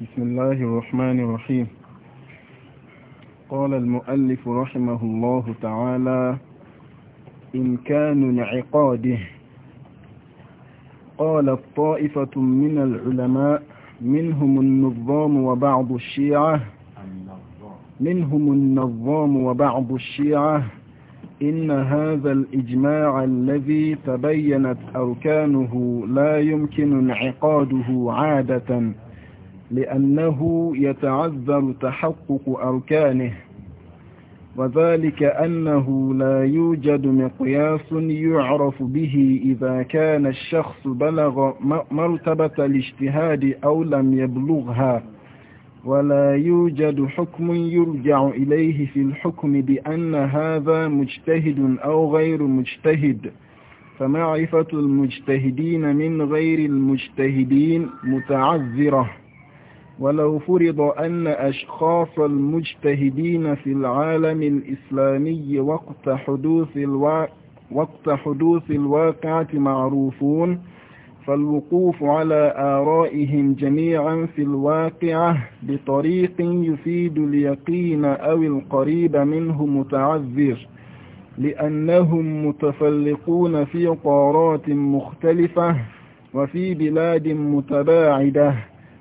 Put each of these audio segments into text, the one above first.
بسم الله الرحمن الرحيم قال المؤلف رحمه الله تعالى إمكان انعقاده قال الطائفة من العلماء منهم النظام وبعض الشيعة منهم النظام وبعض الشيعة إن هذا الإجماع الذي تبينت أركانه لا يمكن انعقاده عادةً لأنه يتعذر تحقق أركانه وذلك أنه لا يوجد مقياس يعرف به إذا كان الشخص بلغ مرتبة الاجتهاد أو لم يبلغها ولا يوجد حكم يرجع إليه في الحكم بأن هذا مجتهد أو غير مجتهد فمعرفة المجتهدين من غير المجتهدين متعذره ولو فرض أن أشخاص المجتهدين في العالم الإسلامي وقت حدوث, الوا... وقت حدوث الواقعة معروفون فالوقوف على آرائهم جميعا في الواقعة بطريق يفيد اليقين أو القريب منه متعذر لأنهم متفلقون في قارات مختلفة وفي بلاد متباعدة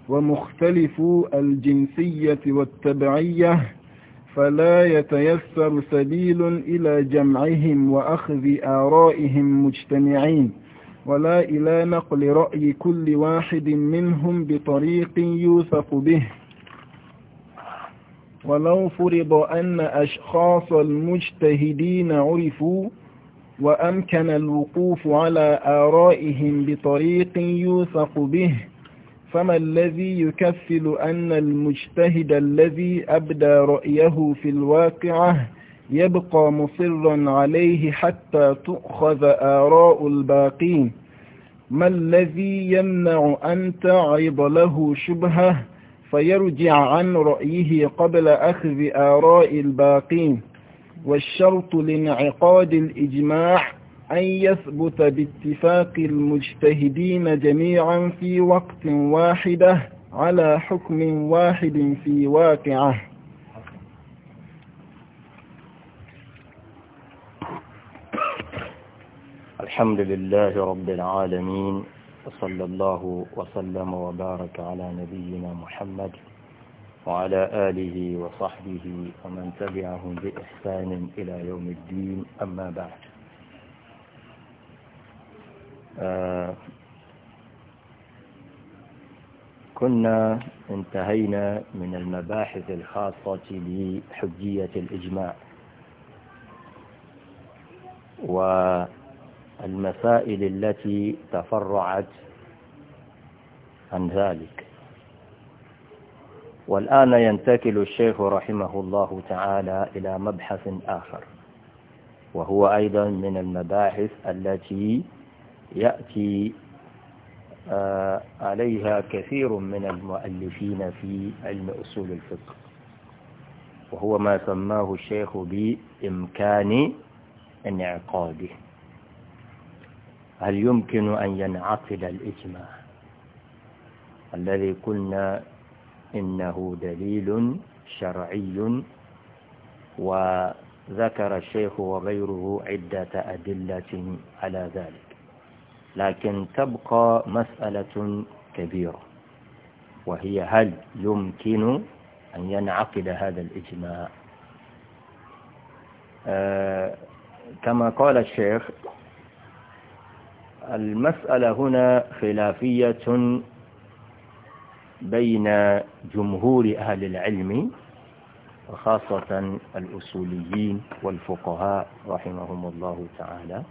ومختلف الجنسية والتبعية فلا يتيسر سبيل إلى جمعهم وأخذ آرائهم مجتمعين ولا إلى نقل رأي كل واحد منهم بطريق يوثق به ولو فرض أن أشخاص المجتهدين عرفوا وأمكن الوقوف على آرائهم بطريق يوثق به فما الذي يكفل أن المجتهد الذي أبدى رأيه في الواقعة يبقى مصرا عليه حتى تؤخذ آراء الباقين ما الذي يمنع أن تعرض له شبهة فيرجع عن رأيه قبل أخذ آراء الباقين والشرط لانعقاد الإجماع أن يثبت باتفاق المجتهدين جميعا في وقت واحدة على حكم واحد في واقعه الحمد لله رب العالمين وصلى الله وسلم وبارك على نبينا محمد وعلى آله وصحبه ومن تبعهم بإحسان إلى يوم الدين أما بعد آه، كنا انتهينا من المباحث الخاصة بحجية الإجماع والمسائل التي تفرعت عن ذلك والآن ينتقل الشيخ رحمه الله تعالى إلى مبحث آخر وهو أيضا من المباحث التي يأتي آه، عليها كثير من المؤلفين في علم أصول الفقه وهو ما سماه الشيخ بإمكان انعقاده هل يمكن أن ينعقد الإجماع الذي قلنا إنه دليل شرعي وذكر الشيخ وغيره عدة أدلة على ذلك لكن تبقى مسألة كبيرة وهي هل يمكن أن ينعقد هذا الإجماع آه كما قال الشيخ المسألة هنا خلافية بين جمهور أهل العلم وخاصة الأصوليين والفقهاء رحمهم الله تعالى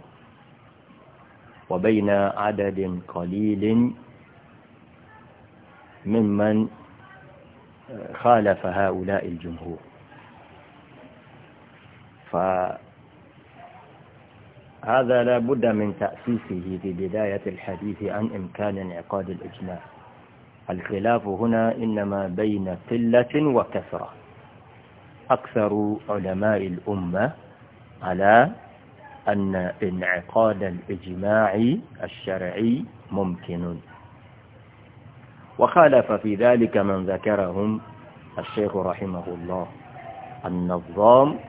وبين عدد قليل ممن خالف هؤلاء الجمهور فهذا لا بد من تأسيسه في بداية الحديث عن إمكان انعقاد الإجماع الخلاف هنا إنما بين قلة وكثرة أكثر علماء الأمة على أن انعقاد الإجماع الشرعي ممكن وخالف في ذلك من ذكرهم الشيخ رحمه الله النظام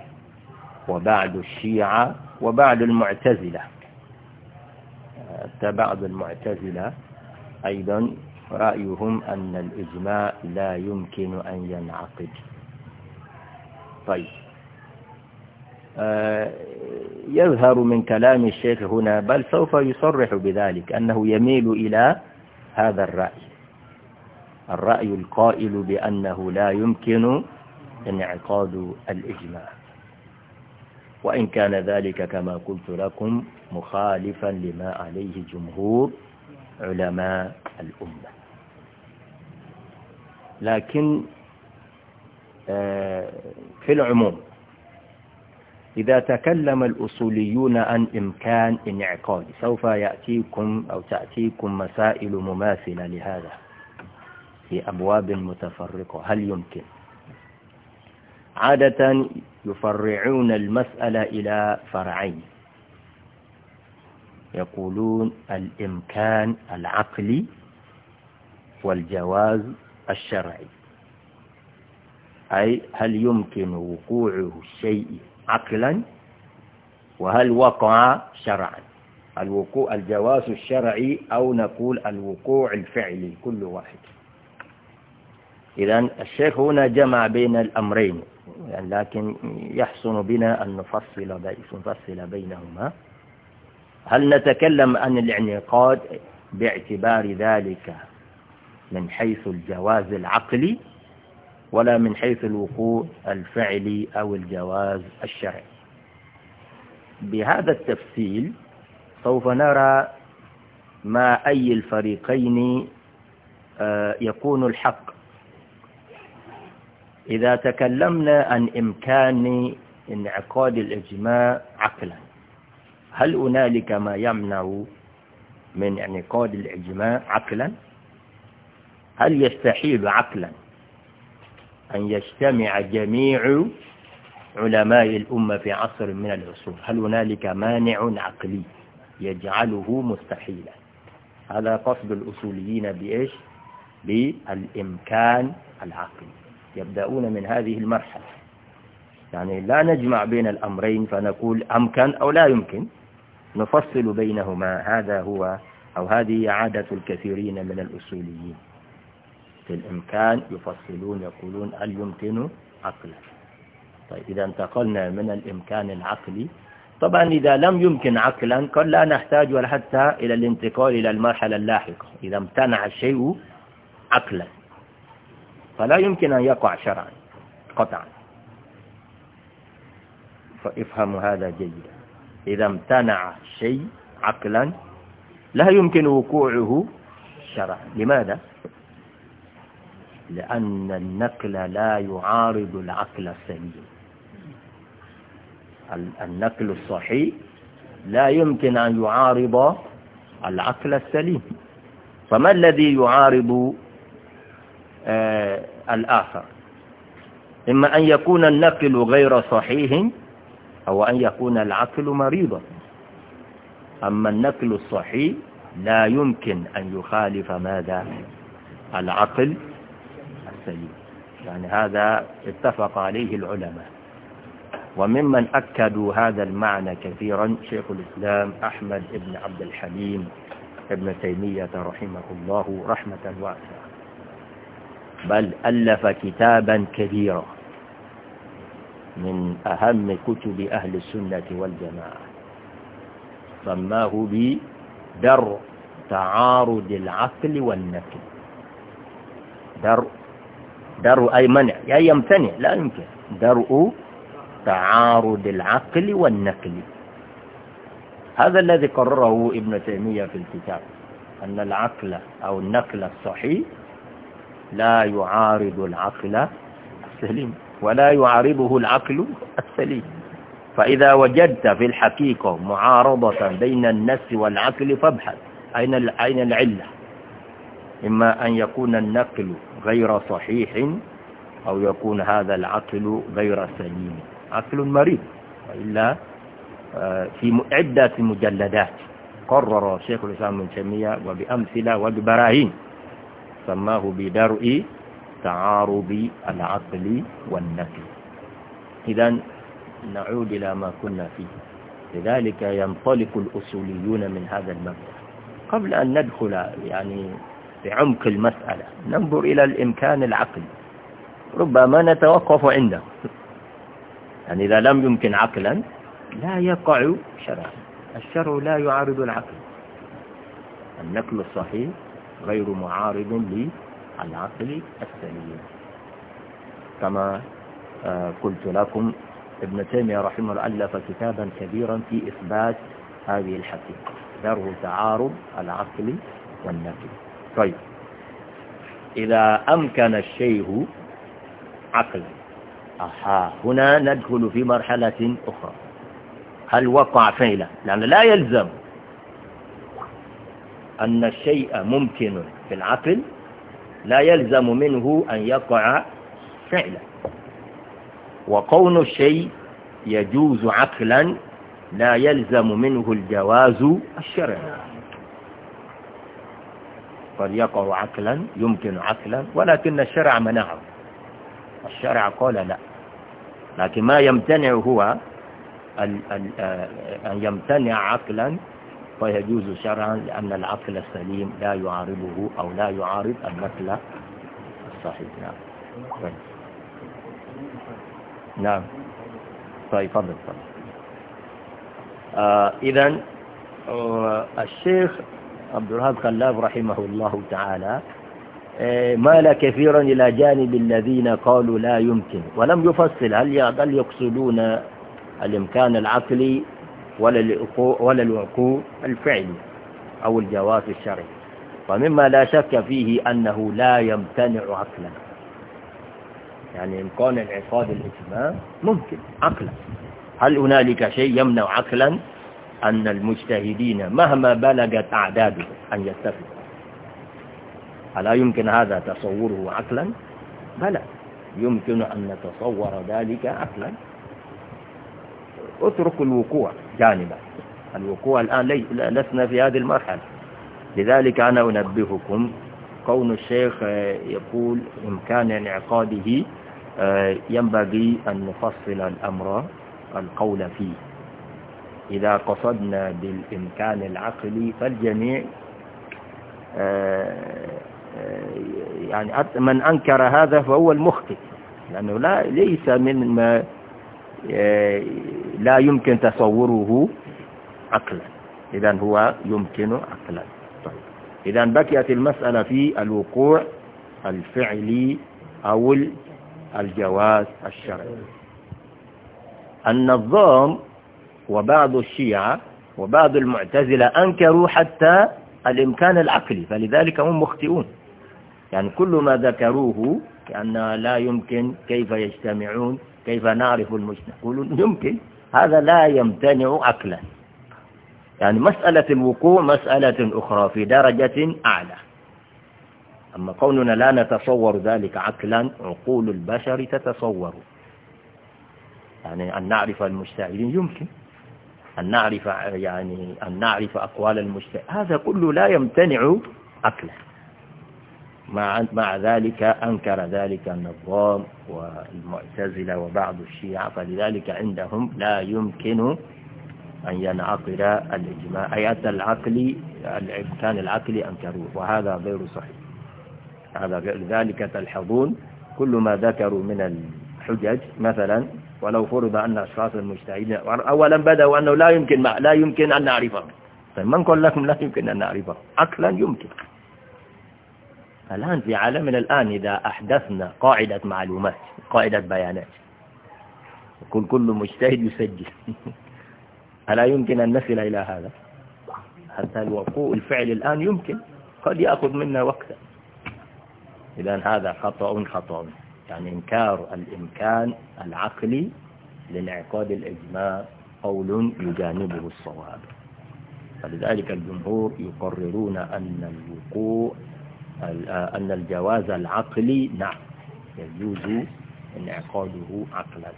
وبعد الشيعة وبعد المعتزلة آه، بعض المعتزلة أيضا رأيهم أن الإجماع لا يمكن أن ينعقد طيب آه، يظهر من كلام الشيخ هنا بل سوف يصرح بذلك أنه يميل إلى هذا الرأي الرأي القائل بأنه لا يمكن انعقاد الإجماع وإن كان ذلك كما قلت لكم مخالفا لما عليه جمهور علماء الأمة لكن آه، في العموم إذا تكلم الأصوليون عن إمكان انعقاد سوف يأتيكم أو تأتيكم مسائل مماثلة لهذا في أبواب متفرقة هل يمكن عادة يفرعون المسألة إلى فرعين يقولون الإمكان العقلي والجواز الشرعي أي هل يمكن وقوعه الشيء عقلا وهل وقع شرعا الوقوع الجواز الشرعي أو نقول الوقوع الفعلي كل واحد إذا الشيخ هنا جمع بين الأمرين يعني لكن يحسن بنا أن نفصل نفصل بينهما هل نتكلم عن الانعقاد باعتبار ذلك من حيث الجواز العقلي ولا من حيث الوقوع الفعلي أو الجواز الشرعي بهذا التفصيل سوف نرى ما أي الفريقين آه، يكون الحق إذا تكلمنا عن إمكان انعقاد الإجماع عقلا هل هنالك ما يمنع من انعقاد الإجماع عقلا هل يستحيل عقلا أن يجتمع جميع علماء الأمة في عصر من العصور هل هنالك مانع عقلي يجعله مستحيلا هذا قصد الأصوليين بإيش بالإمكان العقلي يبدأون من هذه المرحلة يعني لا نجمع بين الأمرين فنقول أمكن أو لا يمكن نفصل بينهما هذا هو أو هذه عادة الكثيرين من الأصوليين في الإمكان يفصلون يقولون هل يمكن عقلا طيب إذا انتقلنا من الإمكان العقلي طبعا إذا لم يمكن عقلا قد لا نحتاج حتى إلى الانتقال إلى المرحلة اللاحقة إذا امتنع الشيء عقلا فلا يمكن أن يقع شرعا قطعا فافهموا هذا جيدا إذا امتنع الشيء عقلا لا يمكن وقوعه شرعا لماذا؟ لأن النقل لا يعارض العقل السليم النقل الصحيح لا يمكن أن يعارض العقل السليم فما الذي يعارض آه الآخر إما أن يكون النقل غير صحيح أو أن يكون العقل مريضا أما النقل الصحيح لا يمكن أن يخالف ماذا العقل السليم يعني هذا اتفق عليه العلماء وممن أكدوا هذا المعنى كثيرا شيخ الإسلام أحمد بن عبد الحليم ابن تيمية رحمه الله رحمة واسعة بل ألف كتابا كبيرا من أهم كتب أهل السنة والجماعة سماه بدر تعارض العقل والنقل درء درء أي منع أي يمتنع لا يمكن درء تعارض العقل والنقل هذا الذي قرره ابن تيمية في الكتاب أن العقل أو النقل الصحيح لا يعارض العقل السليم ولا يعارضه العقل السليم فإذا وجدت في الحقيقة معارضة بين النفس والعقل فابحث أين أين العلة إما أن يكون النقل غير صحيح أو يكون هذا العقل غير سليم عقل مريض وإلا آه، في عدة مجلدات قرر شيخ الإسلام ابن تيمية وبأمثلة وببراهين سماه بدرء تعارض العقل والنقل إذا نعود إلى ما كنا فيه لذلك ينطلق الأصوليون من هذا المبدأ قبل أن ندخل يعني بعمق المسألة ننظر إلى الإمكان العقلي ربما نتوقف عنده يعني إذا لم يمكن عقلا لا يقع شرعا الشرع لا يعارض العقل النقل الصحيح غير معارض للعقل السليم كما آه، قلت لكم ابن تيمية رحمه الله ألف كتابا كبيرا في إثبات هذه الحقيقة ذره تعارض العقل والنقل طيب إذا أمكن الشيخ عقل أها هنا ندخل في مرحلة أخرى هل وقع فعلا لأن لا يلزم أن الشيء ممكن في العقل لا يلزم منه أن يقع فعلا وكون الشيء يجوز عقلا لا يلزم منه الجواز الشرعي قد يقع عقلا يمكن عقلا ولكن الشرع منعه الشرع قال لا لكن ما يمتنع هو آه، أن يمتنع عقلا فيجوز شرعا لأن العقل السليم لا يعارضه أو لا يعارض النقل الصحيح نعم نعم طيب فضل فضل آه إذا آه الشيخ عبد الوهاب خلاف رحمه الله تعالى إيه، مال كثيرا إلى جانب الذين قالوا لا يمكن ولم يفصل هل هل يقصدون الإمكان العقلي ولا ولا الوقوع الفعلي أو الجواز الشرعي ومما لا شك فيه أنه لا يمتنع عقلا يعني إمكان العقاد الإجماع ممكن عقلا هل هنالك شيء يمنع عقلا أن المجتهدين مهما بلغت أعدادهم أن يتفقوا ألا يمكن هذا تصوره عقلا بلى يمكن أن نتصور ذلك عقلا اترك الوقوع جانبا الوقوع الآن لي... لسنا في هذه المرحلة لذلك أنا أنبهكم كون الشيخ يقول إمكان انعقاده آه، ينبغي أن نفصل الأمر القول فيه إذا قصدنا بالإمكان العقلي فالجميع آه، آه، يعني من أنكر هذا فهو المخطئ لأنه لا ليس من ما آه، لا يمكن تصوره عقلا إذا هو يمكن عقلا طيب. إذا بقيت المسألة في الوقوع الفعلي أو الجواز الشرعي النظام وبعض الشيعة وبعض المعتزلة أنكروا حتى الإمكان العقلي فلذلك هم مخطئون يعني كل ما ذكروه كأن لا يمكن كيف يجتمعون كيف نعرف المجتمع يقولون يمكن هذا لا يمتنع عقلا يعني مسألة الوقوع مسألة أخرى في درجة أعلى أما قولنا لا نتصور ذلك عقلا عقول البشر تتصور يعني أن نعرف المشتعلين يمكن أن نعرف يعني أن نعرف أقوال المجتهد هذا كله لا يمتنع أكله مع مع ذلك أنكر ذلك النظام والمعتزلة وبعض الشيعة فلذلك عندهم لا يمكن أن ينعقد الإجماع أي أتى العقل الإمكان العقلي أنكروه وهذا غير صحيح هذا غير ذلك تلحظون كل ما ذكروا من الحجج مثلا ولو فرض أن أشخاص المجتهدين أولا بدأوا أنه لا يمكن ما لا يمكن أن نعرفهم طيب من قال لكم لا يمكن أن نعرفهم عقلا يمكن الآن في عالمنا الآن إذا أحدثنا قاعدة معلومات قاعدة بيانات يكون كل مجتهد يسجل ألا يمكن أن نصل إلى هذا حتى الوقوع الفعل الآن يمكن قد يأخذ منا وقتا إذا هذا خطأ خطأ يعني إنكار الإمكان العقلي لانعقاد الإجماع قول يجانبه الصواب فلذلك الجمهور يقررون أن الوقوع أن الجواز العقلي نعم يجوز انعقاده عقلا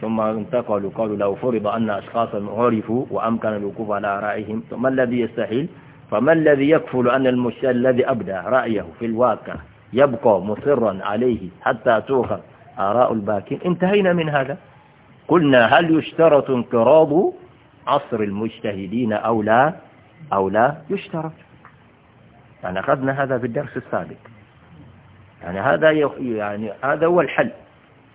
ثم انتقلوا قالوا لو فرض أن أشخاصا عرفوا وأمكن الوقوف على آرائهم فما الذي يستحيل فما الذي يكفل أن المشتري الذي أبدى رأيه في الواقع يبقى مصرا عليه حتى تؤخذ آراء الباكين انتهينا من هذا قلنا هل يشترط انقراض عصر المجتهدين أو لا أو لا يشترط يعني أخذنا هذا في الدرس السابق يعني هذا يعني هذا هو الحل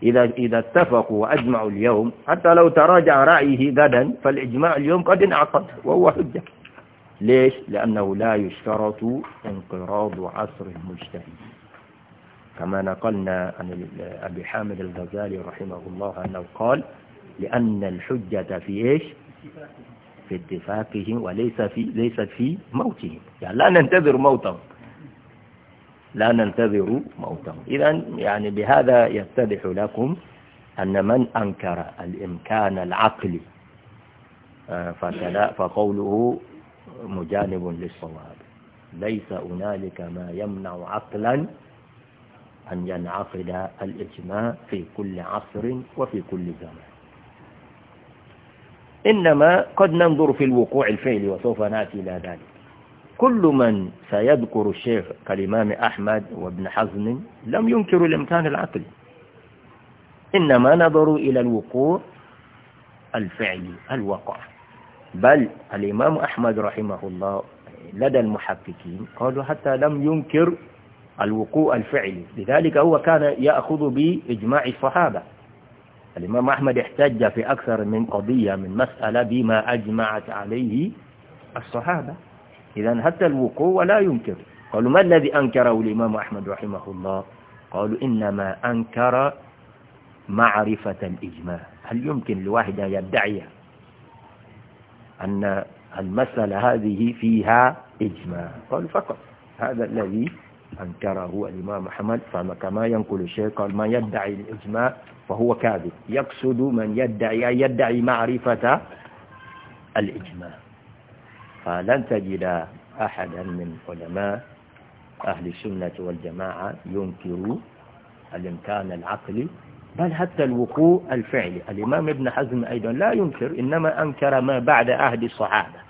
إذا إذا اتفقوا وأجمعوا اليوم حتى لو تراجع رأيه غدا فالإجماع اليوم قد انعقد وهو حجة ليش؟ لأنه لا يشترط انقراض عصر المجتهدين كما نقلنا عن أبي حامد الغزالي رحمه الله أنه قال لأن الحجة في إيش في اتفاقهم وليس في ليست في موتهم يعني لا ننتظر موتهم لا ننتظر موتهم إذا يعني بهذا يتضح لكم أن من أنكر الإمكان العقلي آه، فقوله مجانب للصواب ليس هنالك ما يمنع عقلا أن ينعقد الإجماع في كل عصر وفي كل زمان إنما قد ننظر في الوقوع الفعلي وسوف نأتي إلى ذلك كل من سيذكر الشيخ كالإمام أحمد وابن حزم لم ينكر الإمكان العقلي إنما نظروا إلى الوقوع الفعلي الوقع بل الإمام أحمد رحمه الله لدى المحققين قالوا حتى لم ينكر الوقوع الفعلي لذلك هو كان يأخذ بإجماع الصحابة الإمام أحمد احتج في أكثر من قضية من مسألة بما أجمعت عليه الصحابة إذا حتى الوقوع لا ينكر قالوا ما الذي أنكره الإمام أحمد رحمه الله قالوا إنما أنكر معرفة الإجماع هل يمكن لواحد أن يدعي أن المسألة هذه فيها إجماع قالوا فقط هذا الذي أنكره الإمام أحمد كما ينقل الشيخ قال من يدعي الإجماع فهو كاذب يقصد من يدعي يدعي معرفة الإجماع فلن تجد أحدا من علماء أهل السنة والجماعة ينكر الإمكان العقلي بل حتى الوقوع الفعلي الإمام ابن حزم أيضا لا ينكر إنما أنكر ما بعد عهد الصحابة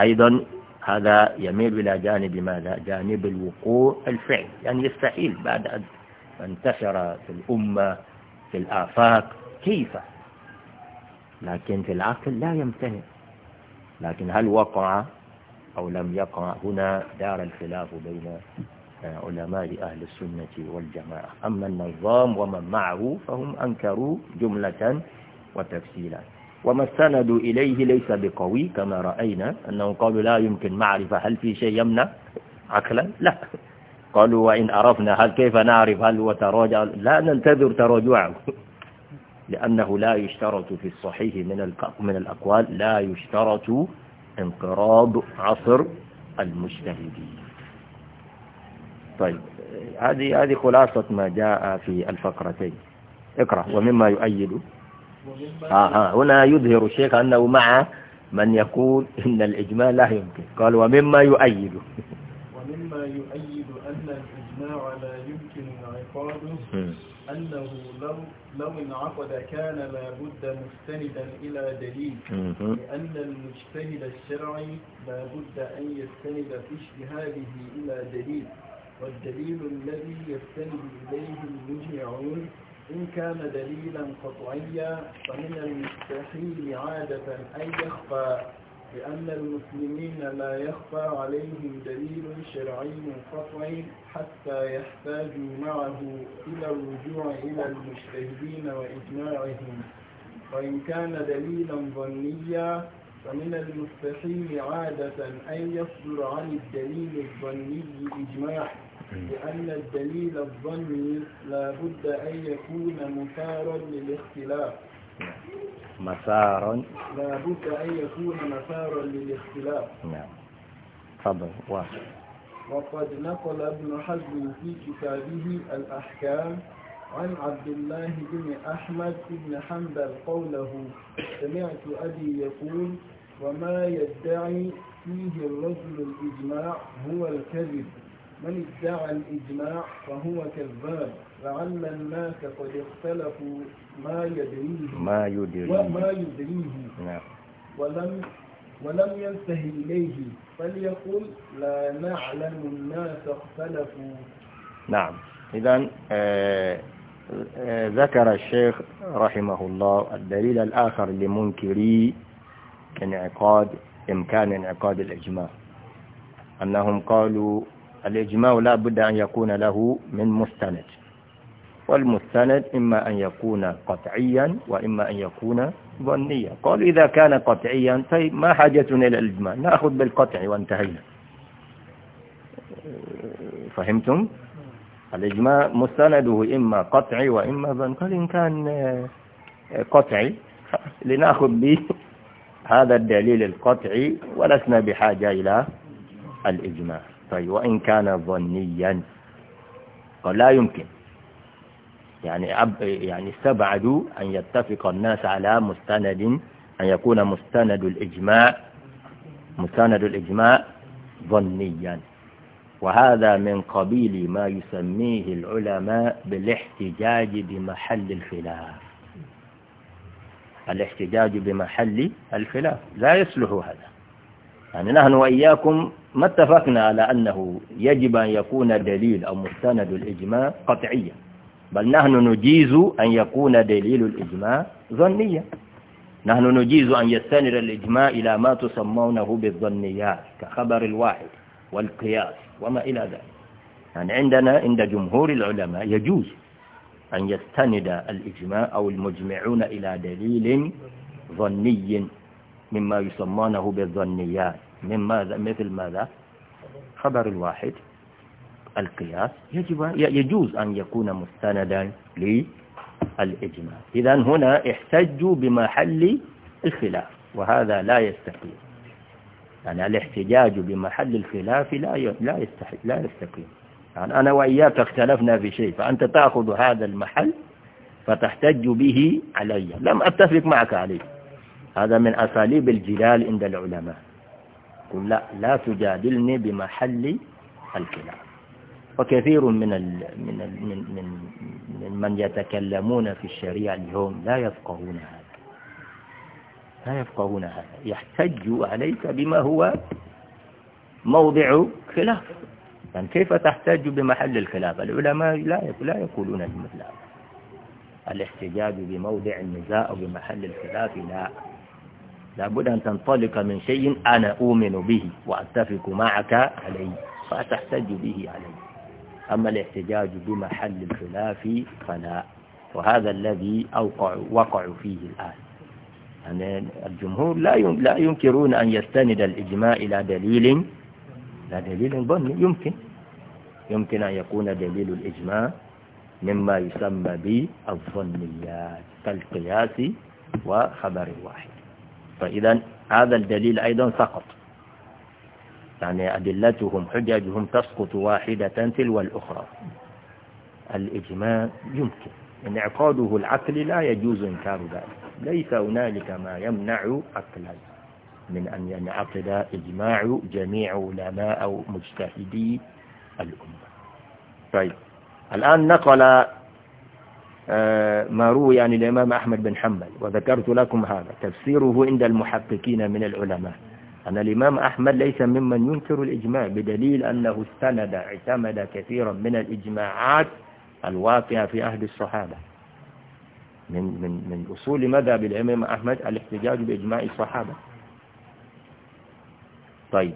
أيضا هذا يميل إلى جانب ماذا جانب الوقوع الفعل يعني يستحيل بعد أن انتشر في الأمة في الآفاق كيف لكن في العقل لا يمتنع لكن هل وقع أو لم يقع هنا دار الخلاف بين علماء أهل السنة والجماعة أما النظام ومن معه فهم أنكروا جملة وتفسيلات وما السند إليه ليس بقوي كما رأينا أنهم قالوا لا يمكن معرفة هل في شيء يمنع عقلا لا قالوا وإن عرفنا هل كيف نعرف هل هو تراجع لا ننتظر تراجعه لأنه لا يشترط في الصحيح من من الأقوال لا يشترط انقراض عصر المجتهدين طيب هذه هذه خلاصة ما جاء في الفقرتين اقرأ ومما يؤيد ها آه، آه. ها هنا يظهر الشيخ أنه مع من يقول إن الإجماع لا يمكن قال ومما يؤيد ومما يؤيد أن الإجماع لا يمكن انعقاده أنه لو لو انعقد كان لابد مستندا إلى دليل لأن المجتهد الشرعي لابد أن يستند في اجتهاده إلى دليل والدليل الذي يستند إليه المجمعون إن كان دليلا قطعيا فمن المستحيل عادة أن يخفى لأن المسلمين لا يخفى عليهم دليل شرعي قطعي حتى يحتاجوا معه إلى الرجوع إلى المجتهدين وإجماعهم وإن كان دليلا ظنيا فمن المستحيل عادة أن يصدر عن الدليل الظني إجماع لأن الدليل الظني لا بد أن يكون مسارا للاختلاف مسارا لا بد أن يكون مسارا للاختلاف نعم تفضل واحد وقد نقل ابن حزم في كتابه الأحكام عن عبد الله بن أحمد بن حنبل قوله سمعت أبي يقول وما يدعي فيه الرجل الإجماع هو الكذب من ادعى الإجماع فهو كذاب لعل الناس قد اختلفوا ما يدريه ما يدريه وما يدريه نعم ولم ولم ينتهي إليه فليقل لا نعلم الناس اختلفوا نعم إذا آه، آه، ذكر الشيخ رحمه الله الدليل الآخر لمنكري انعقاد إمكان انعقاد الإجماع أنهم قالوا الإجماع لا بد أن يكون له من مستند والمستند إما أن يكون قطعيا وإما أن يكون ظنيا قالوا إذا كان قطعيا طيب ما حاجتنا إلى الإجماع نأخذ بالقطع وانتهينا فهمتم الإجماع مستنده إما قطعي وإما ظن قال إن كان آه، قطعي لنأخذ به هذا الدليل القطعي ولسنا بحاجة إلى الإجماع طيب وإن كان ظنيا قال لا يمكن يعني أب يعني استبعدوا أن يتفق الناس على مستند أن يكون مستند الإجماع مستند الإجماع ظنيا وهذا من قبيل ما يسميه العلماء بالاحتجاج بمحل الخلاف الاحتجاج بمحل الخلاف لا يصلح هذا يعني نحن وإياكم ما اتفقنا على أنه يجب أن يكون دليل أو مستند الإجماع قطعيا بل نحن نجيز أن يكون دليل الإجماع ظنيا نحن نجيز أن يستند الإجماع إلى ما تسمونه بالظنيات كخبر الواحد والقياس وما إلى ذلك يعني عندنا عند جمهور العلماء يجوز أن يستند الإجماع أو المجمعون إلى دليل ظني مما يسمونه بالظنيات من ماذا مثل ماذا خبر الواحد القياس يجب يجوز أن يكون مستندا للإجماع إذا هنا احتجوا بمحل الخلاف وهذا لا يستقيم يعني الاحتجاج بمحل الخلاف لا لا يستحق لا يستقيم يعني أنا وإياك اختلفنا في شيء فأنت تأخذ هذا المحل فتحتج به علي لم أتفق معك عليه هذا من أساليب الجدال عند العلماء قل لا لا تجادلني بمحل الكلام وكثير من ال من ال من من من, من يتكلمون في الشريعة اليوم لا يفقهون هذا لا يفقهون هذا يحتج عليك بما هو موضع خلاف يعني كيف تحتج بمحل الخلاف العلماء لا لا يقولون مثل هذا الاحتجاج بموضع النزاع بمحل الخلاف لا لابد أن تنطلق من شيء أنا أؤمن به وأتفق معك عليه فتحتج به عليه أما الاحتجاج بمحل الخلاف فلا وهذا الذي أوقع وقع فيه الآن يعني الجمهور لا لا ينكرون أن يستند الإجماع إلى دليل لا دليل ظني يمكن يمكن أن يكون دليل الإجماع مما يسمى بالظنيات كالقياس وخبر واحد فإذا هذا الدليل أيضا سقط يعني أدلتهم حججهم تسقط واحدة تلو الأخرى الإجماع يمكن انعقاده العقل لا يجوز إنكار ذلك ليس هنالك ما يمنع عقلا من أن ينعقد إجماع جميع علماء أو مجتهدي الأمة طيب الآن نقل آه، ما روي عن الإمام أحمد بن حنبل وذكرت لكم هذا تفسيره عند المحققين من العلماء أن الإمام أحمد ليس ممن ينكر الإجماع بدليل أنه استند اعتمد كثيرا من الإجماعات الواقعة في عهد الصحابة من من من أصول مذهب الإمام أحمد الاحتجاج بإجماع الصحابة طيب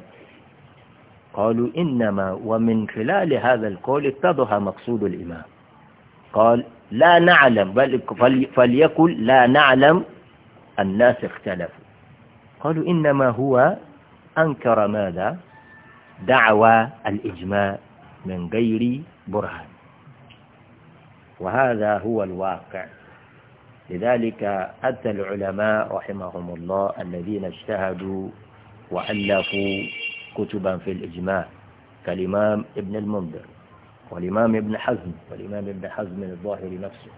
قالوا إنما ومن خلال هذا القول اتضح مقصود الإمام قال لا نعلم بل فليقل لا نعلم الناس اختلفوا قالوا إنما هو أنكر ماذا دعوى الإجماع من غير برهان وهذا هو الواقع لذلك أتى العلماء رحمهم الله الذين اجتهدوا وألفوا كتبا في الإجماع كالإمام ابن المنذر والإمام ابن حزم والإمام ابن حزم الظاهر نفسه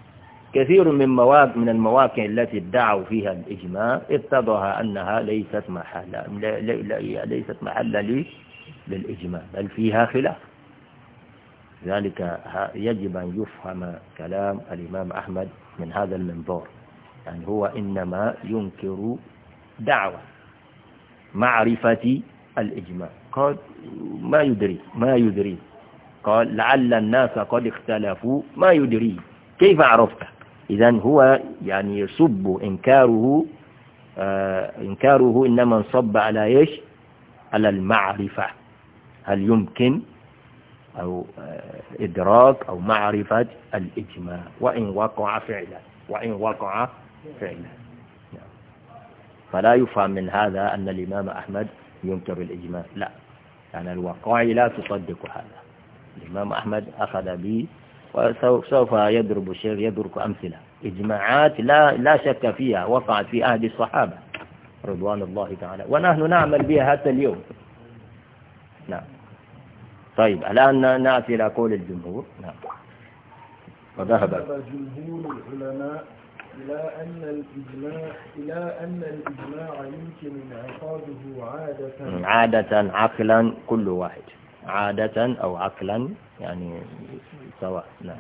كثير من مواقع من المواقع التي ادعوا فيها الإجماع اتضح أنها ليست محلا ليست محلا للإجماع بل فيها خلاف ذلك يجب أن يفهم كلام الإمام أحمد من هذا المنظور يعني هو إنما ينكر دعوة معرفة الإجماع قد ما يدري ما يدري قال لعل الناس قد اختلفوا ما يدري كيف عرفت إذا هو يعني يصب إنكاره آه إنكاره إنما انصب على إيش على المعرفة هل يمكن أو آه إدراك أو معرفة الإجماع وإن وقع فعلا وإن وقع فعلا نعم. فلا يفهم من هذا أن الإمام أحمد ينكر الإجماع لا يعني الوقائع لا تصدق هذا الإمام أحمد أخذ به وسوف يضرب الشيخ يضرب أمثلة إجماعات لا, لا شك فيها وقعت في أهل الصحابة رضوان الله تعالى ونحن نعمل بها حتى اليوم نعم طيب الآن نأتي إلى قول الجمهور نعم وذهب جمهور العلماء إلى أن الإجماع إلى أن الإجماع يمكن انعقاده عادة عادة عقلا كل واحد عادة أو عقلا يعني سواء نعم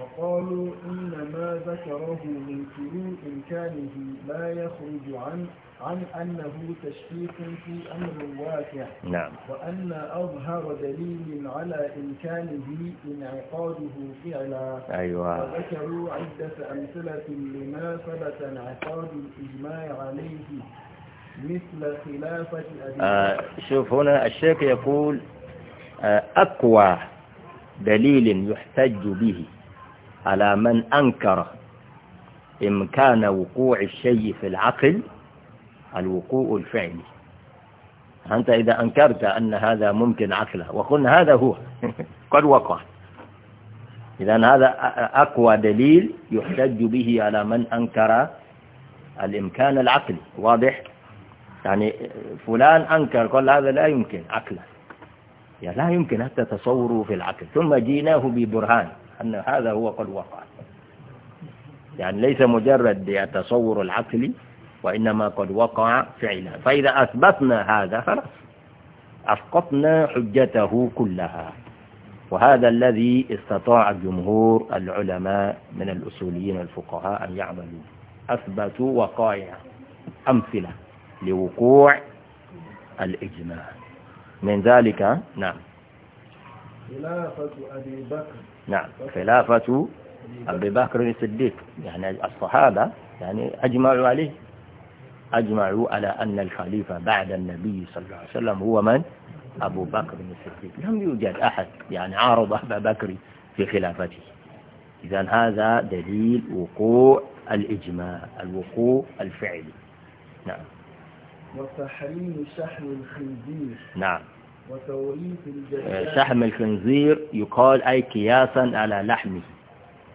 وقالوا إن ما ذكره من سوء إمكانه لا يخرج عن عن أنه تشكيك في أمر واقع نعم وأن أظهر دليل على إمكانه انعقاده فعلا أيوة وذكروا عدة أمثلة لما ثبت انعقاد الإجماع عليه مثل خلافة أبي آه شوف هنا الشيخ يقول أقوى دليل يحتج به على من أنكر إمكان وقوع الشيء في العقل الوقوع الفعلي أنت إذا أنكرت أن هذا ممكن عقله وقلنا هذا هو قد وقع إذا هذا أقوى دليل يحتج به على من أنكر الإمكان العقلي واضح يعني فلان أنكر قال هذا لا يمكن عقله يعني لا يمكن حتى تصوره في العقل ثم جيناه ببرهان أن هذا هو قد وقع يعني ليس مجرد تصور العقل وإنما قد وقع فعلا فإذا أثبتنا هذا خلاص أسقطنا حجته كلها وهذا الذي استطاع جمهور العلماء من الأصوليين والفقهاء أن يعملوا أثبتوا وقائع أمثلة لوقوع الإجماع من ذلك نعم خلافة أبي بكر نعم خلافة أبي بكر الصديق يعني الصحابة يعني أجمعوا عليه أجمعوا على أن الخليفة بعد النبي صلى الله عليه وسلم هو من أبو بكر الصديق لم يوجد أحد يعني عارض أبا بكر في خلافته إذا هذا دليل وقوع الإجماع الوقوع الفعلي نعم وتحريم شحم الخنزير نعم وتوريث الجسد آه، شحم الخنزير يقال أي قياسا على لحمه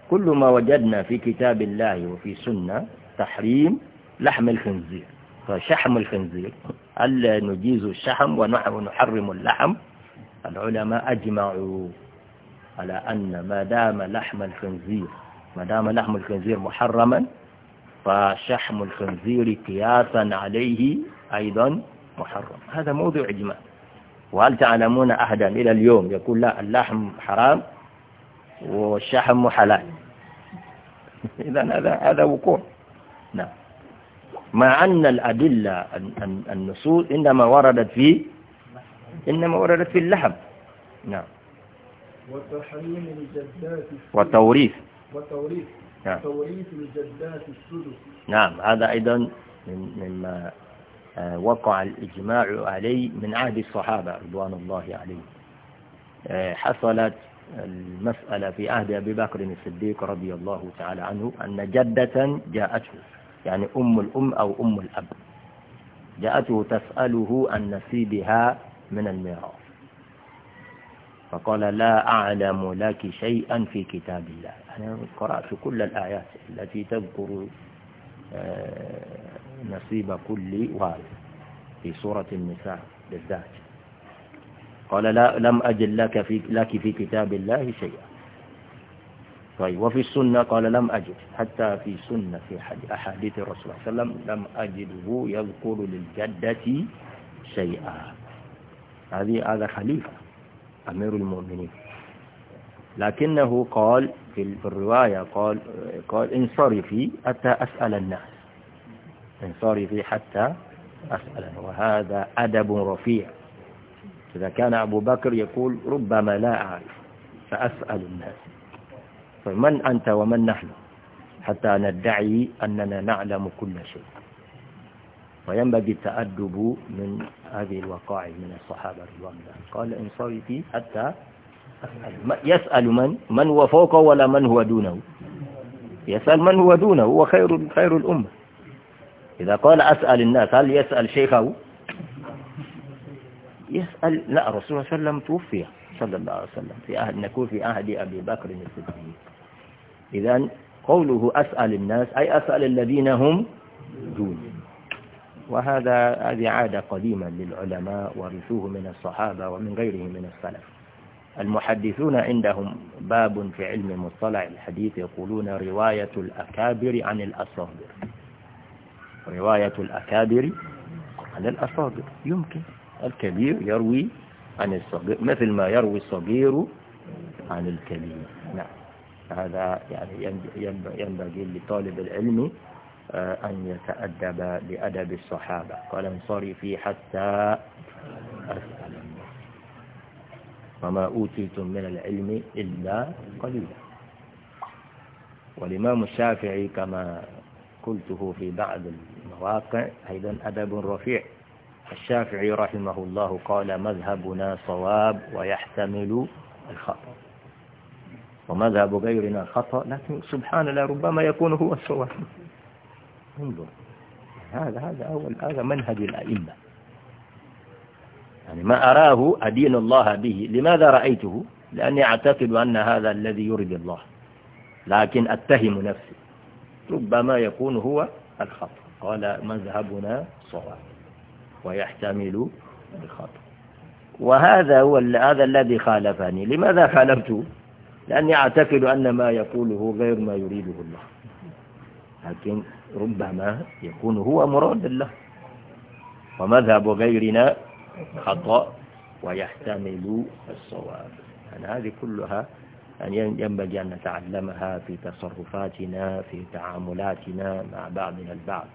كل ما وجدنا في كتاب الله وفي سنة تحريم لحم الخنزير فشحم الخنزير ألا نجيز الشحم ونحرم اللحم العلماء أجمعوا على أن ما دام لحم الخنزير ما دام لحم الخنزير محرما فشحم الخنزير قياسا عليه أيضا محرم هذا موضوع إجماع وهل تعلمون أحدا إلى اليوم يقول لا اللحم حرام والشحم حلال إذا هذا هذا وقوع نعم مع أن الأدلة النصوص إنما وردت في إنما وردت في اللحم نعم وتحريم الجدات وتوريث وتوريث نعم توريث الجدات السدس نعم هذا أيضا مما وقع الإجماع عليه من عهد الصحابة رضوان الله عليه حصلت المسألة في عهد أبي بكر الصديق رضي الله تعالى عنه أن جدة جاءته يعني أم الأم أو أم الأب جاءته تسأله عن نصيبها من الميراث فقال لا أعلم لك شيئا في كتاب الله أنا قرأت كل الآيات التي تذكر آه، نصيب كل وارث في سورة النساء بالذات قال لا لم أجل لك في, لك في كتاب الله شيئا طيب وفي السنة قال لم أجد حتى في سنة في أحاديث الرسول صلى الله عليه وسلم لم أجده يذكر للجدة شيئا هذه هذا خليفة أمير المؤمنين لكنه قال في الرواية قال قال انصرفي حتى أسأل الناس انصرفي حتى أسأله وهذا أدب رفيع إذا كان أبو بكر يقول ربما لا أعرف فأسأل الناس فمن أنت ومن نحن حتى ندعي أننا نعلم كل شيء وينبغي التأدب من هذه الوقائع من الصحابة رضوان الله قال انصرفي حتى أسأل يسأل من من هو فوقه ولا من هو دونه يسأل من هو دونه هو خير خير الأمة إذا قال أسأل الناس هل يسأل شيخه يسأل لا الرسول صلى الله عليه وسلم توفي صلى الله عليه وسلم في عهد نكون في عهد أبي بكر الصديق إذا قوله أسأل الناس أي أسأل الذين هم دوني وهذا هذه عادة قديمة للعلماء ورثوه من الصحابة ومن غيرهم من السلف المحدثون عندهم باب في علم مصطلح الحديث يقولون رواية الأكابر عن الأصابر رواية الأكابر عن الأصابر يمكن الكبير يروي عن الصغير مثل ما يروي الصغير عن الكبير نعم هذا يعني ينبغي لطالب العلم آه، أن يتأدب بأدب الصحابة قال انصرفي حتى أسأل الناس وما أوتيتم من العلم إلا قليلا والإمام الشافعي كما قلته في بعض الواقع أيضا أدب رفيع الشافعي رحمه الله قال مذهبنا صواب ويحتمل الخطأ ومذهب غيرنا خطأ لكن سبحان الله ربما يكون هو الصواب انظر هذا هذا أول هذا منهج الأئمة يعني ما أراه أدين الله به لماذا رأيته لأني أعتقد أن هذا الذي يرد الله لكن أتهم نفسي ربما يكون هو الخطأ قال مذهبنا صواب ويحتمل الخطأ وهذا هو هذا الذي خالفني لماذا خالفته لأني أعتقد أن ما يقوله غير ما يريده الله لكن ربما يكون هو مراد الله ومذهب غيرنا خطأ ويحتمل الصواب يعني هذه كلها يعني ينبغي أن نتعلمها في تصرفاتنا في تعاملاتنا مع بعضنا البعض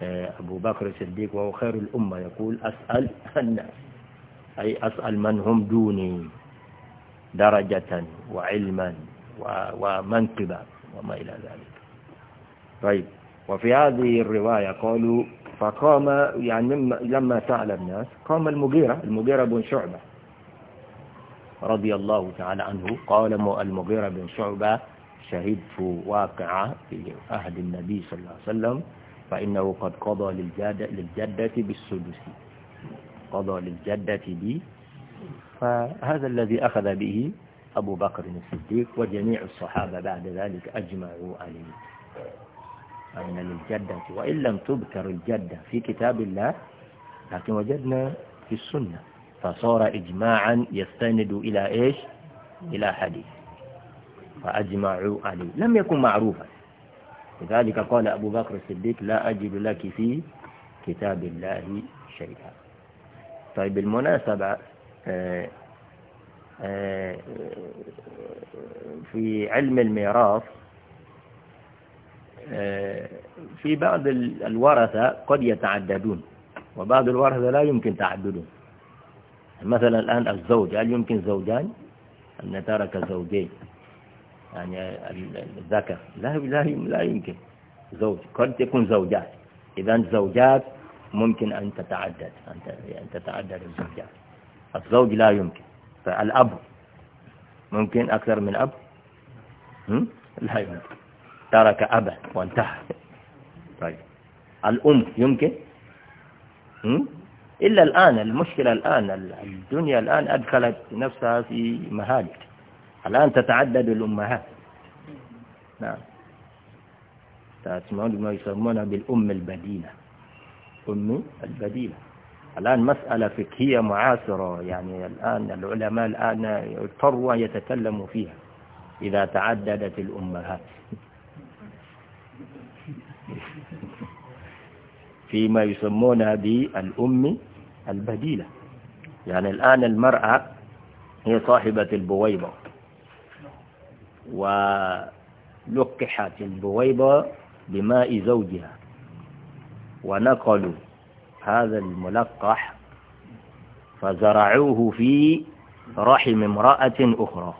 آه، أبو بكر الصديق وهو خير الأمة يقول أسأل الناس أي أسأل من هم دوني درجة وعلما ومنقبا وما إلى ذلك طيب وفي هذه الرواية قالوا فقام يعني لما سأل الناس قام المغيرة المغيرة بن شعبة رضي الله تعالى عنه قال المغيرة بن شعبة شهدت واقعة في عهد النبي صلى الله عليه وسلم فإنه قد قضى للجدة, للجدة بالسدس قضى للجدة به فهذا الذي أخذ به أبو بكر الصديق وجميع الصحابة بعد ذلك أجمعوا عليه أن للجدة وإن لم تذكر الجدة في كتاب الله لكن وجدنا في السنة فصار إجماعا يستند إلى إيش إلى حديث فأجمعوا عليه لم يكن معروفا لذلك قال أبو بكر الصديق لا أجد لك في كتاب الله شيئا طيب بالمناسبة آه، آه، في علم الميراث آه، في بعض الورثة قد يتعددون وبعض الورثة لا يمكن تعددهم مثلا الآن الزوج هل يمكن زوجان أن ترك زوجين يعني الذكر لا لا لا يمكن زوج قد تكون زوجات إذا زوجات ممكن أن تتعدد أن تتعدد الزوجات الزوج لا يمكن فالأب ممكن أكثر من أب لا يمكن ترك أبا وانتهى طيب الأم يمكن إلا الآن المشكلة الآن الدنيا الآن أدخلت نفسها في مهالك الآن تتعدد الأمهات نعم تسمعون ما يسمون بالأم البديلة أم البديلة الآن مسألة فقهية معاصرة يعني الآن العلماء الآن اضطروا يتكلموا فيها إذا تعددت الأمهات فيما يسمونها بالأم البديلة يعني الآن المرأة هي صاحبة البويضة ولقحت البويضة بماء زوجها ونقلوا هذا الملقح فزرعوه في رحم امرأة أخرى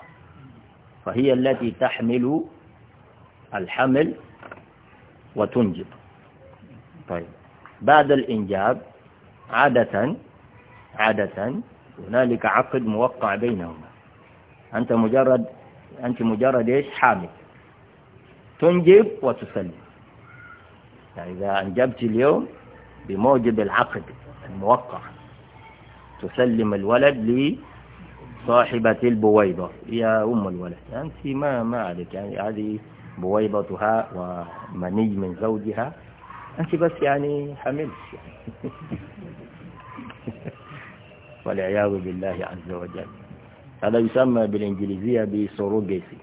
فهي التي تحمل الحمل وتنجب طيب بعد الإنجاب عادة عادة هنالك عقد موقع بينهما أنت مجرد أنت مجرد إيش حامل تنجب وتسلم يعني إذا أنجبت اليوم بموجب العقد الموقع تسلم الولد لصاحبة البويضة يا أم الولد أنت ما ما عليك يعني هذه بويضتها ومني من زوجها أنت بس يعني حملت يعني والعياذ بالله عز وجل هذا يسمى بالإنجليزية بسروجيسي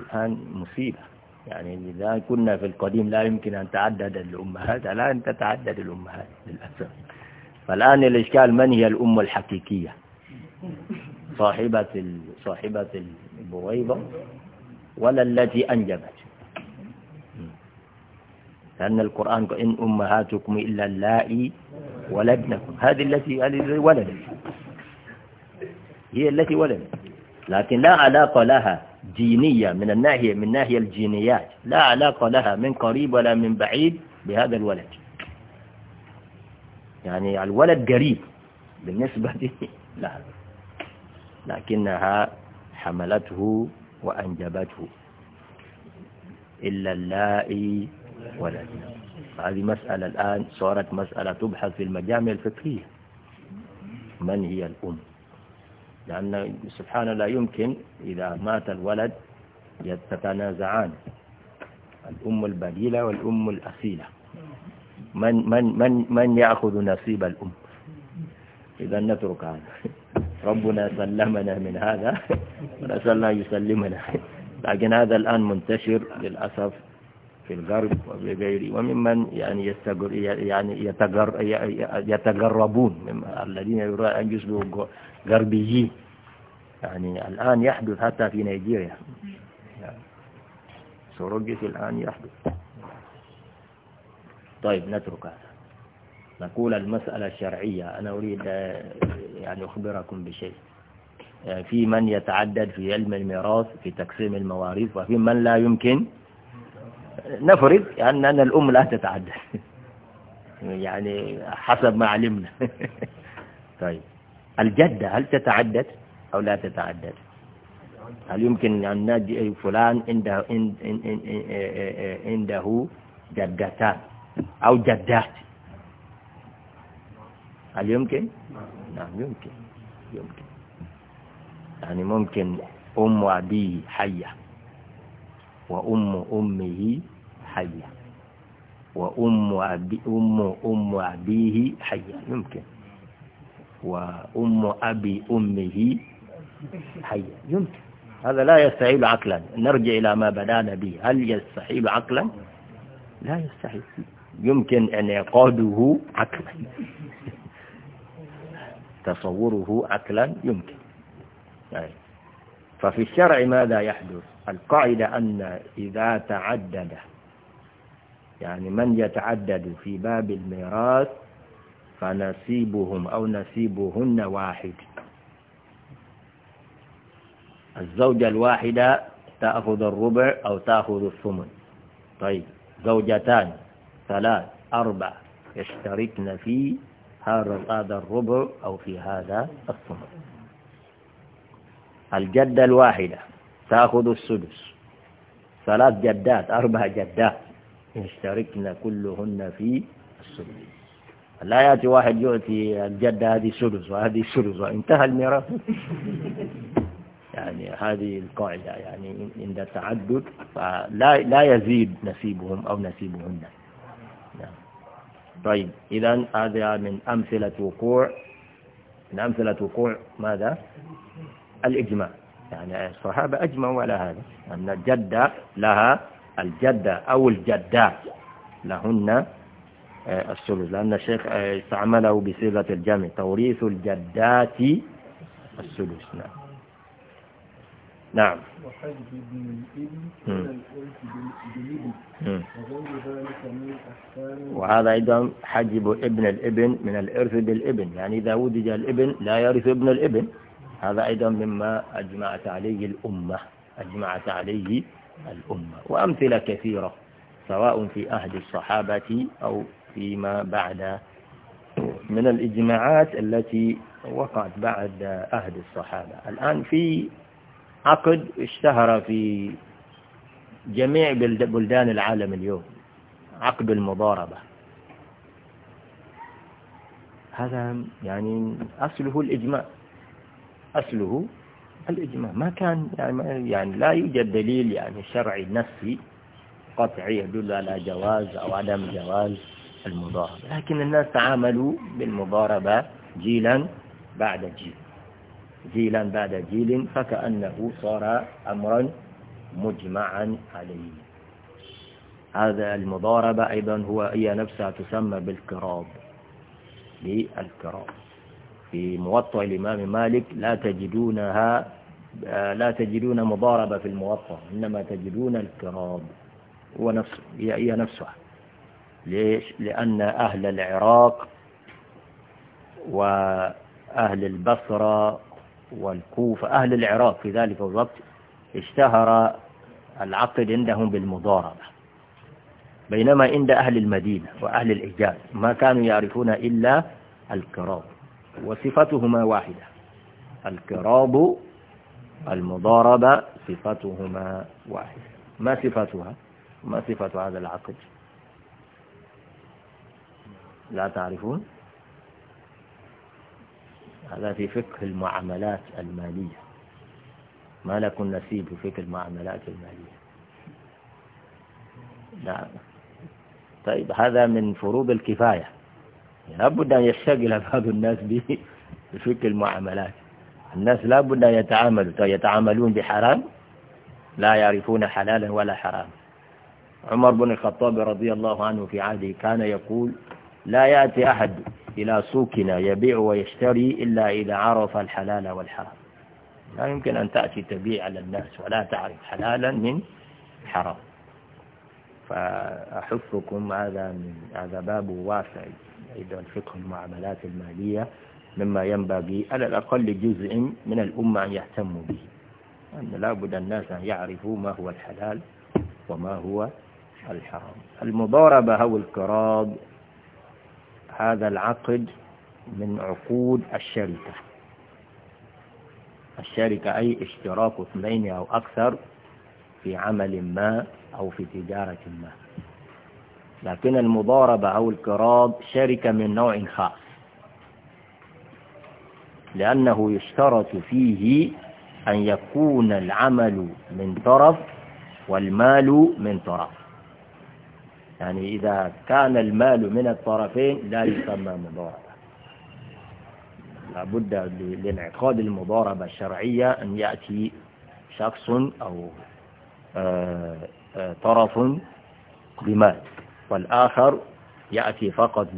الآن مصيبة يعني إذا كنا في القديم لا يمكن أن تعدد الأمهات الآن تتعدد الأمهات للأسف فالآن الإشكال من هي الأم الحقيقية صاحبة صاحبة البويضة ولا التي أنجبت لأن القرآن إن أمهاتكم إلا اللائي ولدنكم هذه التي ولدت هي التي ولدت لكن لا علاقة لها جينية من الناحية من ناحية الجينيات لا علاقة لها من قريب ولا من بعيد بهذا الولد يعني الولد قريب بالنسبة لها لكنها حملته وأنجبته إلا اللائي ولدنا هذه مسألة الآن صارت مسألة تبحث في المجامع الفقهية من هي الأم لأن سبحان لا يمكن إذا مات الولد يتتنازعان الأم البليلة والأم الأصيلة من من من من يأخذ نصيب الأم إذا نترك هذا ربنا سلمنا من هذا ونسأل الله يسلمنا لكن هذا الآن منتشر للأسف في الغرب وفي غيره وممن يعني يستجر يعني يتجر يتجربون الذين يرى أن يسلوا غربيين يعني الآن يحدث حتى في نيجيريا يعني الآن يحدث طيب نترك هذا نقول المسألة الشرعية أنا أريد يعني أخبركم بشيء في من يتعدد في علم الميراث في تقسيم المواريث وفي من لا يمكن نفرض أن أن الأم لا تتعدد يعني حسب ما علمنا طيب الجدة هل تتعدد أو لا تتعدد هل يمكن أن نجي فلان عنده عنده جدتان أو جدات هل يمكن؟ نعم يمكن يمكن يعني ممكن أم أبيه حية وأم أمه حية وأم أبي أم أم أبيه حية يمكن وأم أبي أمه حية يمكن هذا لا يستحيل عقلا نرجع إلى ما بدأنا به هل يستحيل عقلا لا يستحيل يمكن انعقاده عقلا تصوره عقلا يمكن طيب. ففي الشرع ماذا يحدث القاعدة أن إذا تعدد يعني من يتعدد في باب الميراث فنسيبهم أو نسيبهن واحد الزوجة الواحدة تأخذ الربع أو تأخذ الثمن طيب زوجتان ثلاث أربع يشتركن في هذا الربع أو في هذا الثمن الجدة الواحدة تأخذ السدس ثلاث جدات أربع جدات يشتركن كلهن في السدس لا يأتي واحد يعطي الجدة هذه سدس وهذه سدس وانتهى الميراث يعني هذه القاعدة يعني عند التعدد فلا لا يزيد نسيبهم أو نسيبهن نعم. طيب إذا هذا من أمثلة وقوع من أمثلة وقوع ماذا الإجماع يعني الصحابة أجمعوا على هذا أن الجدة لها الجدة أو الجدات لهن آه، الثلث لأن الشيخ آه، استعمله بصيغة الجمع توريث الجدات الثلث نعم نعم وحجب ابن الابن بالابن وغير ذلك من أحكام وهذا أيضا حجب ابن الابن من الإرث بالابن يعني إذا ودج الابن لا يرث ابن الابن هذا أيضا مما أجمعت عليه الأمة أجمعت عليه الأمة وأمثلة كثيرة سواء في أهل الصحابة أو فيما بعد من الإجماعات التي وقعت بعد أهد الصحابة الآن في عقد اشتهر في جميع بلدان العالم اليوم عقد المضاربة هذا يعني أصله الإجماع أصله الإجماع ما كان يعني, يعني لا يوجد دليل يعني شرعي نفسي قطعي يدل على جواز أو عدم جواز المضاربة لكن الناس تعاملوا بالمضاربة جيلا بعد جيل جيلا بعد جيل فكأنه صار أمرا مجمعا عليه هذا المضاربة أيضا هو هي نفسها تسمى بالكراب للكراب في موطأ الإمام مالك لا تجدونها لا تجدون مضاربة في الموطأ إنما تجدون الكراب هو نفسه هي نفسها ليش؟ لأن أهل العراق وأهل البصرة والكوفة أهل العراق في ذلك الوقت اشتهر العقد عندهم بالمضاربة بينما عند أهل المدينة وأهل الإجاز ما كانوا يعرفون إلا الكراب وصفتهما واحدة الكراب المضاربة صفتهما واحدة ما صفتها ما صفة هذا العقد لا تعرفون هذا في فقه المعاملات المالية ما لكم نسيب في فقه المعاملات المالية لا طيب هذا من فروض الكفاية لابد أن يشتغل بعض الناس بفقه المعاملات الناس لابد أن يتعاملوا طيب، يتعاملون بحرام لا يعرفون حلالا ولا حراما عمر بن الخطاب رضي الله عنه في عهده كان يقول لا يأتي أحد إلى سوقنا يبيع ويشتري إلا إذا عرف الحلال والحرام لا يمكن أن تأتي تبيع على الناس ولا تعرف حلالا من حرام فأحفكم هذا من هذا باب واسع إذا الفقه المعاملات المالية مما ينبغي على الأقل جزء من الأمة أن يهتموا به أن لابد الناس أن يعرفوا ما هو الحلال وما هو الحرام المضاربة أو القراض هذا العقد من عقود الشركة الشركة أي اشتراك اثنين أو أكثر في عمل ما أو في تجارة ما لكن المضاربة أو القراض شركة من نوع خاص لأنه يشترط فيه أن يكون العمل من طرف والمال من طرف يعني إذا كان المال من الطرفين لا يسمى مضاربة لابد لانعقاد المضاربة الشرعية أن يأتي شخص أو آه، آه، طرف بمال والآخر يأتي فقط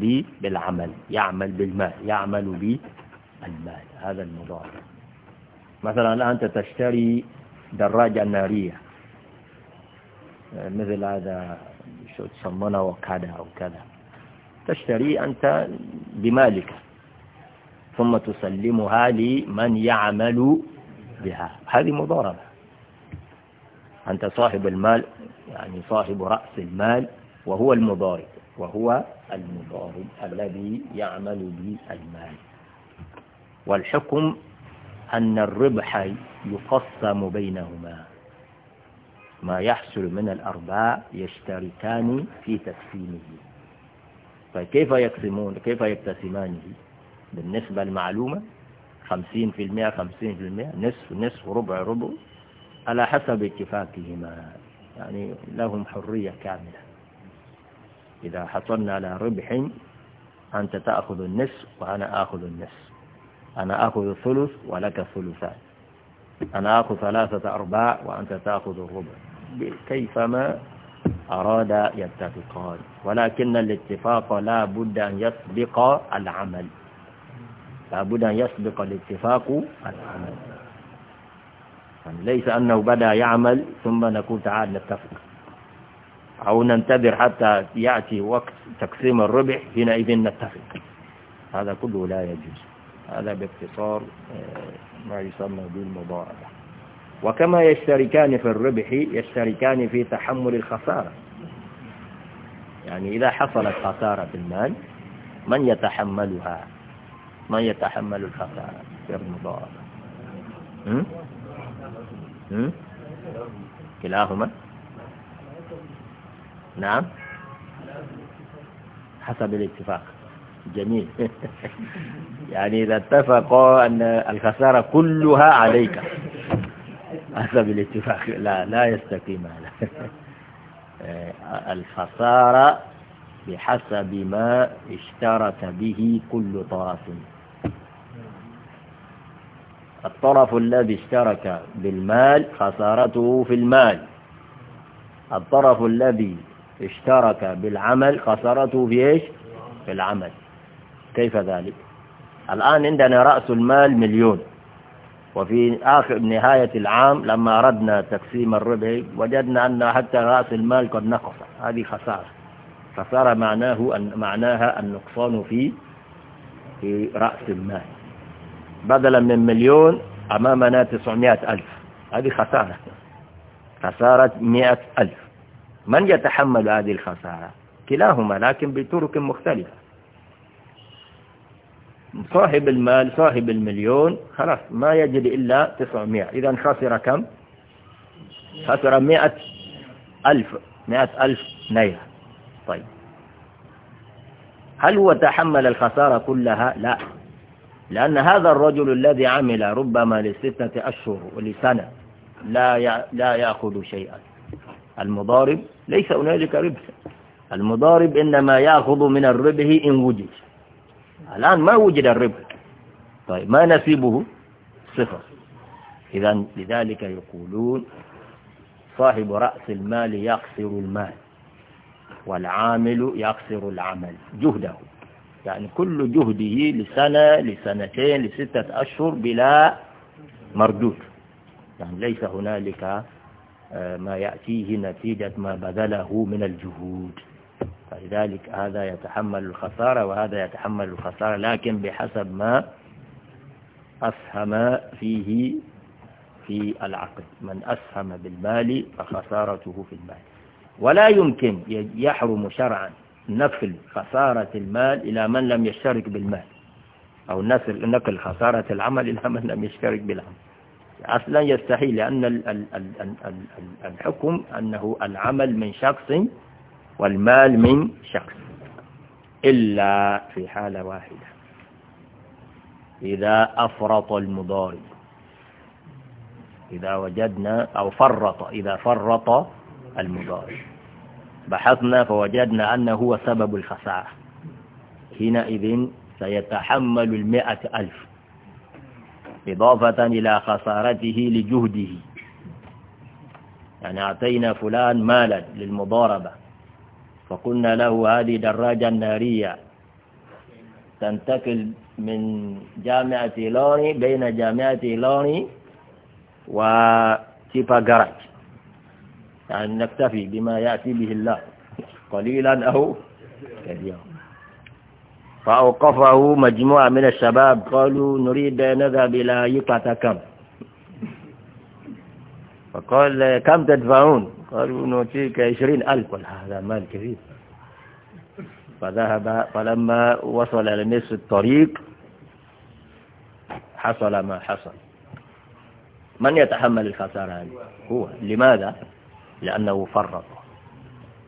بالعمل يعمل بالمال يعمل بالمال هذا المضاربة مثلا أنت تشتري دراجة نارية آه، مثل هذا شو تسمونها وكذا أو كذا تشتري أنت بمالك ثم تسلمها لمن يعمل بها هذه مضاربة أنت صاحب المال يعني صاحب رأس المال وهو المضارب وهو المضارب الذي يعمل بالمال والحكم أن الربح يقسم بينهما ما يحصل من الأرباء يشتركان في تقسيمه فكيف يقسمون كيف يقتسمانه بالنسبة المعلومة خمسين في المئة خمسين في المئة نصف نصف ربع ربع على حسب اتفاقهما يعني لهم حرية كاملة إذا حصلنا على ربح أنت تأخذ النصف وأنا آخذ النصف أنا آخذ ثلث ولك ثلثان أنا آخذ ثلاثة أرباع وأنت تأخذ الربع كيفما أراد يتفقان ولكن الاتفاق لا بد أن يسبق العمل لا بد أن يسبق الاتفاق العمل يعني ليس أنه بدأ يعمل ثم نقول تعال نتفق أو ننتظر حتى يأتي وقت تقسيم الربح حينئذ نتفق هذا كله لا يجوز هذا باختصار آه، ما يسمى بالمضاعفة وكما يشتركان في الربح يشتركان في تحمل الخسارة يعني إذا حصلت خسارة في المال من يتحملها من يتحمل الخسارة في المضاربة كلاهما نعم حسب الاتفاق جميل يعني إذا اتفقوا أن الخسارة كلها عليك حسب الاتفاق لا لا يستقيم هذا الخسارة بحسب ما اشترك به كل طرف الطرف الذي اشترك بالمال خسارته في المال الطرف الذي اشترك بالعمل خسارته في ايش في العمل كيف ذلك الآن عندنا رأس المال مليون وفي آخر نهاية العام لما أردنا تقسيم الربع وجدنا أن حتى رأس المال قد نقص هذه خسارة خسارة معناه أن معناها النقصان في في رأس المال بدلا من مليون أمامنا تسعمائة ألف هذه خسارة خسارة 100 ألف من يتحمل هذه الخسارة كلاهما لكن بطرق مختلفة صاحب المال صاحب المليون خلاص ما يجري إلا 900 إذا خسر كم خسر مائة ألف مائة ألف نيرة طيب هل هو تحمل الخسارة كلها لا لأن هذا الرجل الذي عمل ربما لستة أشهر ولسنة لا لا يأخذ شيئا المضارب ليس هنالك ربح المضارب إنما يأخذ من الربح إن وجد الآن ما وجد الربح طيب ما نسيبه صفر إذا لذلك يقولون صاحب رأس المال يقصر المال والعامل يقصر العمل جهده يعني كل جهده لسنة لسنتين لستة أشهر بلا مردود يعني ليس هنالك آه، ما يأتيه نتيجة ما بذله من الجهود فلذلك هذا يتحمل الخسارة وهذا يتحمل الخسارة لكن بحسب ما أسهم فيه في العقد من أسهم بالمال فخسارته في المال ولا يمكن يحرم شرعا نقل خسارة المال إلى من لم يشترك بالمال أو نقل خسارة العمل إلى من لم يشترك بالعمل أصلا يستحيل لأن الحكم أنه العمل من شخص والمال من شخص إلا في حالة واحدة إذا أفرط المضارب إذا وجدنا أو فرط إذا فرط المضارب بحثنا فوجدنا أنه هو سبب الخسارة حينئذ سيتحمل المئة ألف إضافة إلى خسارته لجهده يعني أعطينا فلان مالا للمضاربة فقلنا له هذه دراجة نارية تنتقل من جامعة لوني بين جامعة لوني تيبا جراج يعني نكتفي بما يأتي به الله قليلا أو كثيرا فأوقفه مجموعة من الشباب قالوا نريد أن نذهب إلى يقطة كم فقال كم تدفعون قالوا نعطيك عشرين ألف قال هذا مال كبير فذهب فلما وصل إلى نصف الطريق حصل ما حصل من يتحمل الخسارة هذه هو لماذا لأنه فرط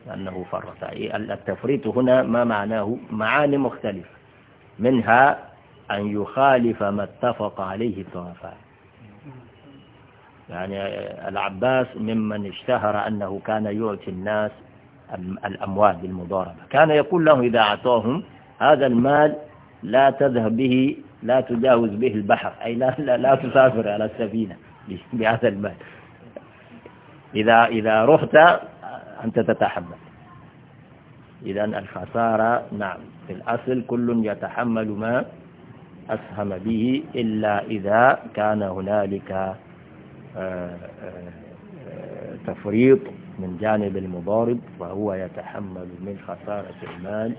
لأنه فرط التفريط هنا ما معناه معاني مختلفة منها أن يخالف ما اتفق عليه الطرفان يعني العباس ممن اشتهر أنه كان يعطي الناس الأموال بالمضاربة كان يقول له إذا أعطاهم هذا المال لا تذهب به لا تجاوز به البحر أي لا, لا, لا تسافر على السفينة بهذا المال إذا, إذا رحت أنت تتحمل إذا الخسارة نعم في الأصل كل يتحمل ما أسهم به إلا إذا كان هنالك تفريط من جانب المضارب فهو يتحمل من خسارة المال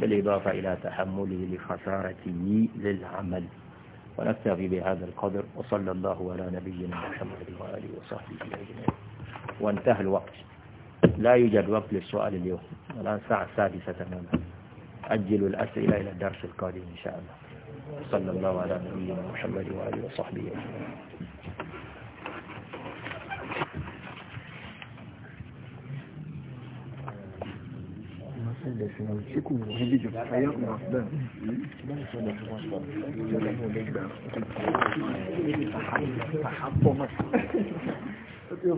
بالإضافة إلى تحمله لخسارته للعمل ونكتفي بهذا القدر وصلى الله على نبينا محمد وآله وصحبه أجمعين وانتهى الوقت لا يوجد وقت للسؤال اليوم الآن الساعة السادسة تماما أجلوا الأسئلة إلى الدرس القادم إن شاء الله صلى الله على نبينا محمد وآله وصحبه أجمعين ẹlẹ́sìn náà tí kò wọ́n bí jùlọ ayé ọ̀nà ọ̀sán lẹ́yìn tó lọ fún wọn sọ ìjọba mú lè gbà ọ̀pọ̀ mọ́ta